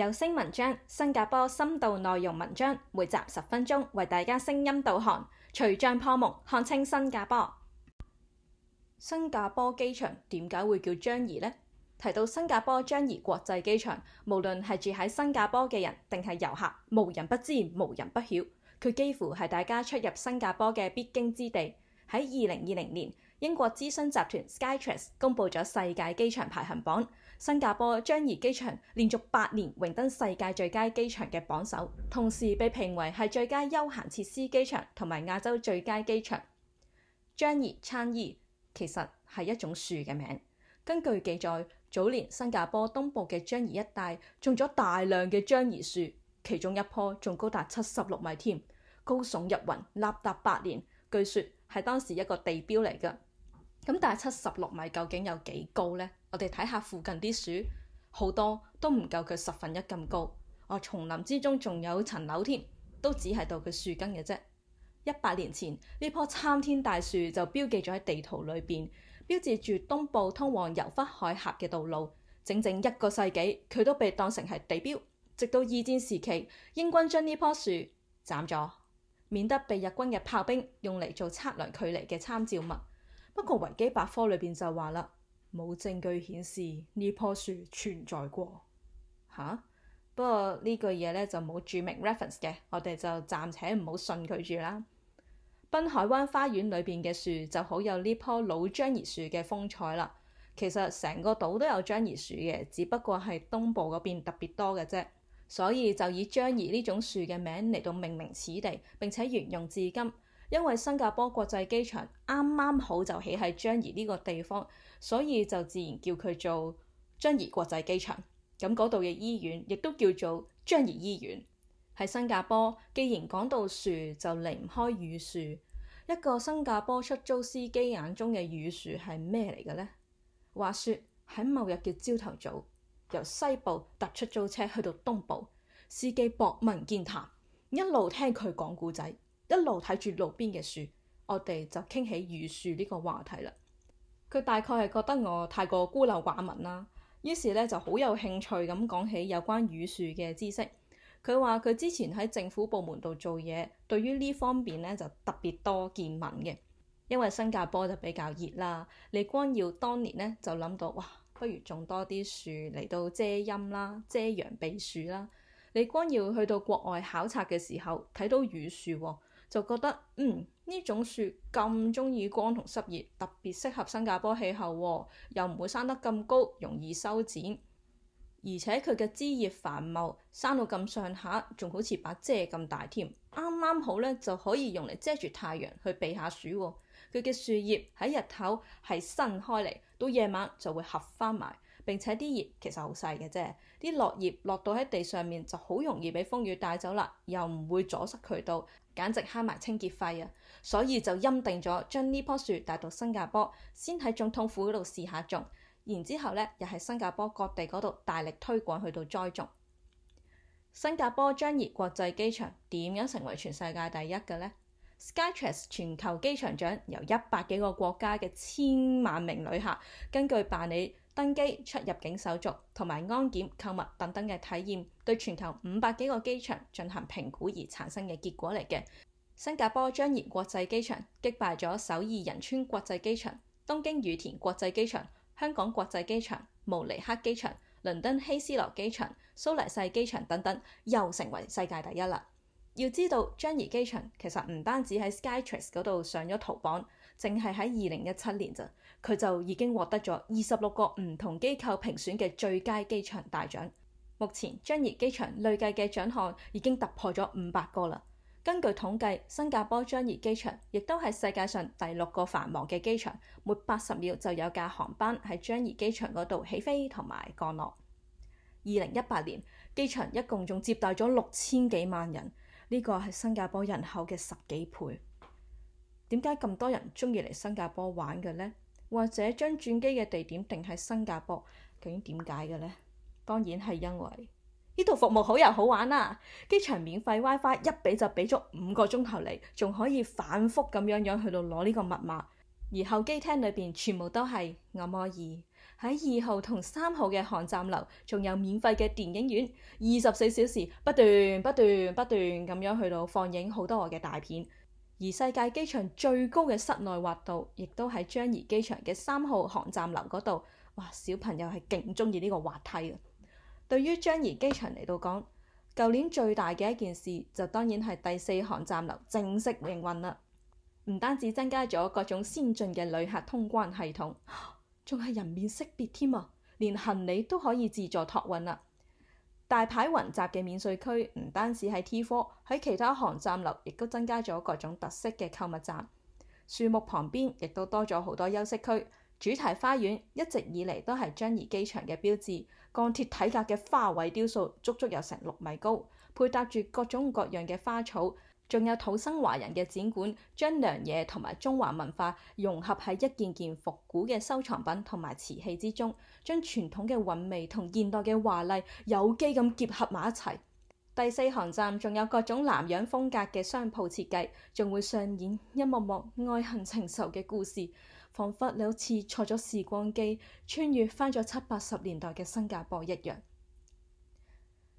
有聲文章，新加坡深度內容文章，每集十分鐘，為大家聲音導航，除障破目，看清新加坡。新加坡機場點解會叫樟宜呢？提到新加坡樟宜國際機場，無論係住喺新加坡嘅人定係遊客，無人不知，無人不曉。佢幾乎係大家出入新加坡嘅必經之地。喺二零二零年，英國諮詢集團 Skytrax 公布咗世界機場排行榜。新加坡樟宜機場連續八年榮登世界最佳機場嘅榜首，同時被評為係最佳休閒設施機場同埋亞洲最佳機場。樟宜，樟宜其實係一種樹嘅名，根據記載，早年新加坡東部嘅樟宜一帶種咗大量嘅樟宜樹，其中一棵仲高達七十六米添，高聳入雲，立達八年，據說係當時一個地標嚟噶。咁，但係七十六米究竟有幾高呢？我哋睇下附近啲樹，好多都唔夠佢十分一咁高。哦，叢林之中仲有層樓添，都只係到佢樹根嘅啫。一百年前，呢棵參天大樹就標記咗喺地圖裏邊，標誌住東部通往柔佛海峽嘅道路。整整一個世紀，佢都被當成係地標，直到二戰時期，英軍將呢棵樹斬咗，免得被日軍嘅炮兵用嚟做測量距離嘅參照物。不過維基百科裏邊就話啦，冇證據顯示呢棵樹存在過嚇。不過呢句嘢咧就冇註明 reference 嘅，我哋就暫且唔好信佢住啦。濱海灣花園裏邊嘅樹就好有呢棵老樟宜樹嘅風采啦。其實成個島都有樟宜樹嘅，只不過係東部嗰邊特別多嘅啫。所以就以樟宜呢種樹嘅名嚟到命名此地，並且沿用至今。因為新加坡國際機場啱啱好就起喺樟宜呢個地方，所以就自然叫佢做樟宜國際機場。咁嗰度嘅醫院亦都叫做樟宜醫院。喺新加坡，既然講到樹，就離唔開雨樹。一個新加坡出租司機眼中嘅雨樹係咩嚟嘅呢？話説喺某日嘅朝頭早，由西部搭出租車去到東部，司機博聞見談，一路聽佢講故仔。一路睇住路邊嘅樹，我哋就傾起雨樹呢個話題啦。佢大概係覺得我太過孤陋寡聞啦，於是咧就好有興趣咁講起有關雨樹嘅知識。佢話佢之前喺政府部門度做嘢，對於呢方面咧就特別多見聞嘅，因為新加坡就比較熱啦。李光耀當年咧就諗到，哇，不如種多啲樹嚟到遮陰啦、遮陽避暑啦。李光耀去到國外考察嘅時候，睇到雨樹喎。就覺得嗯，呢種樹咁中意光同濕熱，特別適合新加坡氣候，啊，又唔會生得咁高，容易修剪，而且佢嘅枝葉繁茂，生到咁上下，仲好似把遮咁大添，啱啱好呢，就可以用嚟遮住太陽去避下暑，啊。佢嘅樹葉喺日頭係伸開嚟，到夜晚就會合翻埋。並且啲葉其實好細嘅啫，啲落葉落到喺地上面就好容易俾風雨帶走啦，又唔會阻塞渠道。簡直慳埋清潔費啊！所以就欽定咗，將呢棵樹帶到新加坡，先喺總統府嗰度試下種，然之後呢又喺新加坡各地嗰度大力推廣去到栽種。新加坡樟宜國際機場點樣成為全世界第一嘅呢？Skytrax 全球機場獎由一百幾個國家嘅千萬名旅客根據辦理。登機、出入境手續同埋安檢、購物等等嘅體驗，對全球五百幾個機場進行評估而產生嘅結果嚟嘅。新加坡樟宜國際機場擊敗咗首爾仁川國際機場、東京羽田國際機場、香港國際機場、慕尼黑機場、倫敦希斯洛機場、蘇黎世機場等等，又成為世界第一啦。要知道樟宜機場其實唔單止喺 Skytrax 嗰度上咗頭榜。淨係喺二零一七年咋，佢就已經獲得咗二十六個唔同機構評選嘅最佳機場大獎。目前樟宜機場累計嘅獎項已經突破咗五百個啦。根據統計，新加坡樟宜機場亦都係世界上第六個繁忙嘅機場，每八十秒就有架航班喺樟宜機場嗰度起飛同埋降落。二零一八年機場一共仲接待咗六千幾萬人，呢個係新加坡人口嘅十幾倍。點解咁多人中意嚟新加坡玩嘅呢？或者將轉機嘅地點定喺新加坡，究竟點解嘅呢？當然係因為呢度服務好又好玩啦，啊！機場免費 WiFi 一俾就俾足五個鐘頭嚟，仲可以反覆咁樣樣去到攞呢個密碼。而候機廳裏邊全部都係按摩椅，喺二號同三號嘅航站樓仲有免費嘅電影院，二十四小時不斷不斷不斷咁樣去到放映好多我嘅大片。而世界機場最高嘅室內滑道，亦都喺樟宜機場嘅三號航站樓嗰度。哇！小朋友係勁中意呢個滑梯啊！對於樟宜機場嚟到講，舊年最大嘅一件事就當然係第四航站樓正式營運啦。唔單止增加咗各種先進嘅旅客通關系統，仲係人面識別添啊！連行李都可以自助託運啦。大牌雲集嘅免稅區唔單止喺 T4，喺其他航站樓亦都增加咗各種特色嘅購物站。樹木旁邊亦都多咗好多休息區。主題花園一直以嚟都係樟宜機場嘅標誌，鋼鐵體格嘅花卉雕塑足足有成六米高，配搭住各種各樣嘅花草。仲有土生華人嘅展館，將良嘢同埋中華文化融合喺一件件復古嘅收藏品同埋瓷器之中，將傳統嘅韻味同現代嘅華麗有機咁結合埋一齊。第四航站仲有各種南洋風格嘅商鋪設計，仲會上演一幕幕愛恨情仇嘅故事，彷彿你好似坐咗時光機穿越翻咗七八十年代嘅新加坡一樣。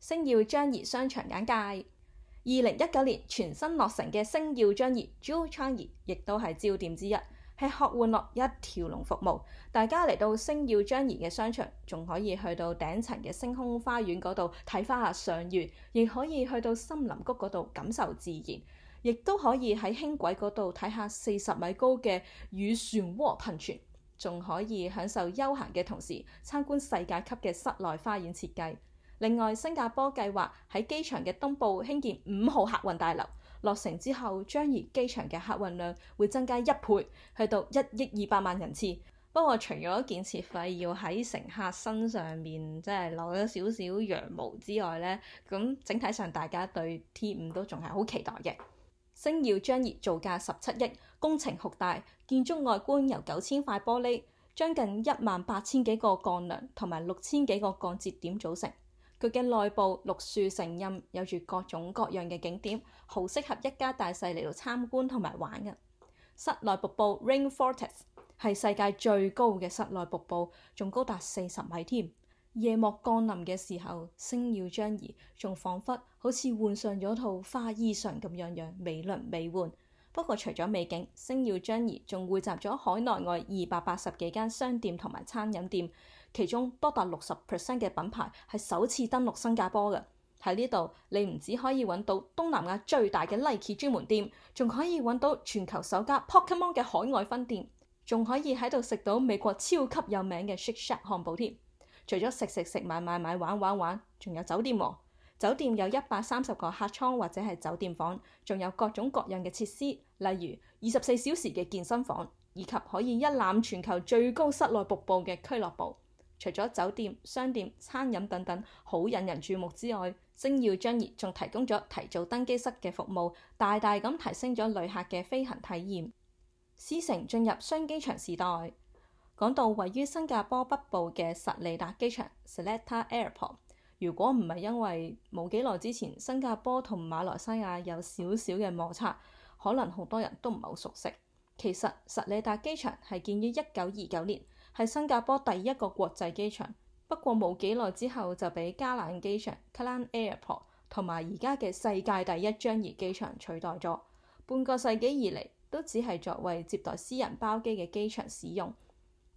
星耀樟宜商場簡介。二零一九年全新落成嘅星耀樟宜 Jewel Changi 亦都係焦點之一，係吃喝玩樂一條龍服務。大家嚟到星耀樟宜嘅商場，仲可以去到頂層嘅星空花園嗰度睇翻下上月，亦可以去到森林谷嗰度感受自然，亦都可以喺輕軌嗰度睇下四十米高嘅雨漩渦噴泉，仲可以享受休閒嘅同時參觀世界級嘅室內花園設計。另外，新加坡計劃喺機場嘅東部興建五號客運大樓，落成之後，樟宜機場嘅客運量會增加一倍，去到一億二百萬人次。不過，除咗建設費要喺乘客身上面即係攞咗少少羊毛之外咧，咁整體上大家對 T 五都仲係好期待嘅。星耀樟宜造價十七億，工程浩大，建築外觀由九千塊玻璃、將近一萬八千幾個鋼梁同埋六千幾個鋼節點組成。佢嘅內部綠樹成蔭，有住各種各樣嘅景點，好適合一家大細嚟到參觀同埋玩嘅。室內瀑布 Rain Vortex 係世界最高嘅室內瀑布，仲高達四十米添。夜幕降臨嘅時候，星耀樟宜，仲仿佛好似換上咗套花衣裳咁樣樣，美輪美奐。不過，除咗美景，星耀樟宜仲匯集咗海內外二百八十幾間商店同埋餐飲店，其中多達六十 percent 嘅品牌係首次登陸新加坡嘅。喺呢度，你唔止可以揾到東南亞最大嘅 Nike 專門店，仲可以揾到全球首家 Pokemon 嘅海外分店，仲可以喺度食到美國超級有名嘅 Shake Shack 漢堡添。除咗食食食、買買買、玩玩玩，仲有酒店喎、哦。酒店有一百三十個客艙或者係酒店房，仲有各種各樣嘅設施，例如二十四小時嘅健身房，以及可以一覽全球最高室內瀑布嘅俱樂部。除咗酒店、商店、餐飲等等好引人注目之外，星耀樟宜仲提供咗提早登機室嘅服務，大大咁提升咗旅客嘅飛行體驗。獅城進入雙機場時代，講到位於新加坡北部嘅實里達機場 （Seletar Airport）。如果唔係因為冇幾耐之前新加坡同馬來西亞有少少嘅摩擦，可能好多人都唔係好熟悉。其實，實里達機場係建於一九二九年，係新加坡第一個國際機場。不過冇幾耐之後，就俾加蘭機場 c l a n Airport） 同埋而家嘅世界第一張儀機場取代咗。半個世紀以嚟，都只係作為接待私人包機嘅機場使用。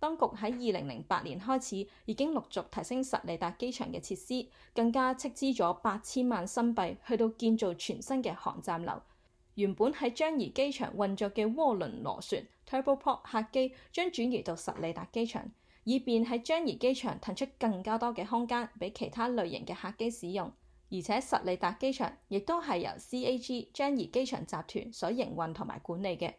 當局喺二零零八年開始，已經陸續提升實里達機場嘅設施，更加斥資咗八千萬新幣去到建造全新嘅航站樓。原本喺樟宜機場運作嘅渦輪螺旋 （TurboProp） 客機將轉移到實里達機場，以便喺樟宜機場騰出更加多嘅空間俾其他類型嘅客機使用。而且實里達機場亦都係由 CAG 樟宜機場集團所營運同埋管理嘅。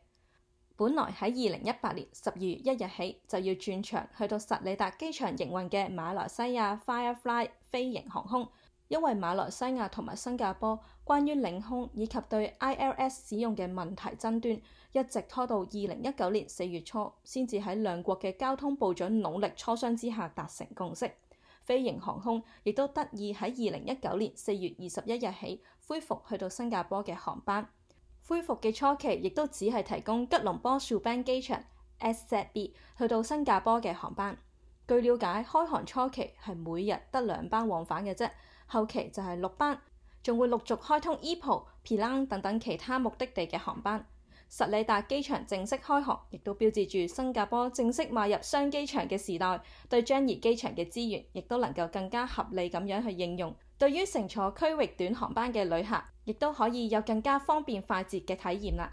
本來喺二零一八年十二月一日起就要轉場去到實里達機場營運嘅馬來西亞 Firefly 飛行航空，因為馬來西亞同埋新加坡關於領空以及對 ILS 使用嘅問題爭端，一直拖到二零一九年四月初，先至喺兩國嘅交通部長努力磋商之下達成共識。飛行航空亦都得以喺二零一九年四月二十一日起恢復去到新加坡嘅航班。恢復嘅初期，亦都只係提供吉隆坡梳邦機場 S、Z、B 去到新加坡嘅航班。據了解，開航初期係每日得兩班往返嘅啫，後期就係六班，仲會陸續開通怡保、檳城等等其他目的地嘅航班。實里達機場正式開航，亦都標誌住新加坡正式邁入雙機場嘅時代。對樟宜機場嘅資源，亦都能夠更加合理咁樣去應用。對於乘坐區域短航班嘅旅客，亦都可以有更加方便快捷嘅體驗啦。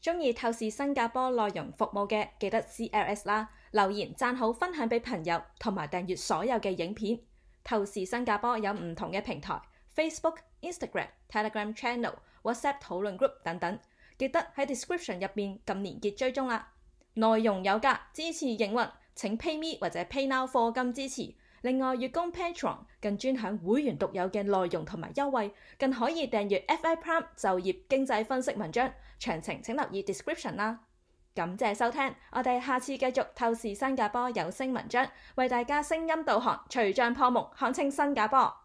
中意透視新加坡內容服務嘅，記得 C L S 啦，留言讚好，分享俾朋友，同埋訂閱所有嘅影片。透視新加坡有唔同嘅平台，Facebook。Instagram、Telegram Channel、WhatsApp 討論 group 等等，記得喺 description 入面撳連結追蹤啦。內容有價，支持營運請 PayMe 或者 PayNow 課金支持。另外月供 Patreon 更專享會員獨有嘅內容同埋優惠，更可以訂閱 FI Prime 就業經濟分析文章。詳情請留意 description 啦。感謝收聽，我哋下次繼續透視新加坡有聲文章，為大家聲音導航，隨像破木看清新加坡。